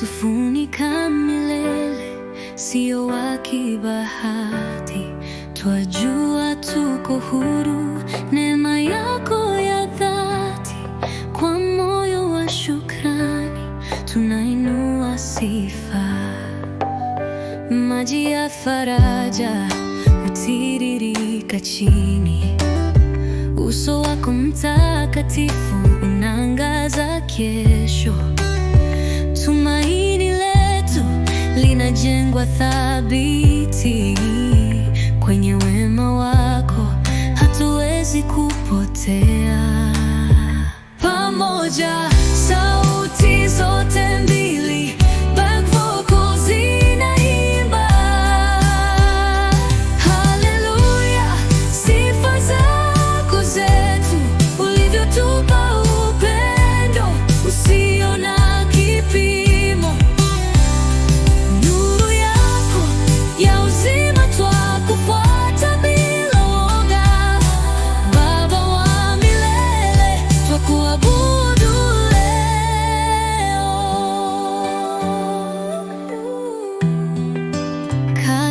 tufunika milele, sio wa kibahati, twajua tuko huru, neema yako ya dhati, kwa moyo wa shukrani tunainua sifa, maji ya faraja hutiririka chini, uso wako mtakatifu unaangaza kesho nimejengwa thabiti kwenye wema wako, hatuwezi kupotea pamoja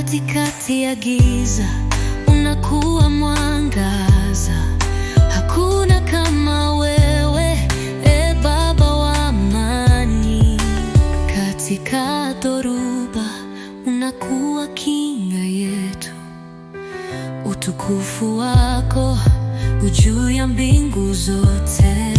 katikati ya giza unakuwa mwangaza, hakuna kama wewe, e Baba wa amani. Katika dhoruba unakuwa kinga yetu, utukufu wako ujuu ya mbingu zote.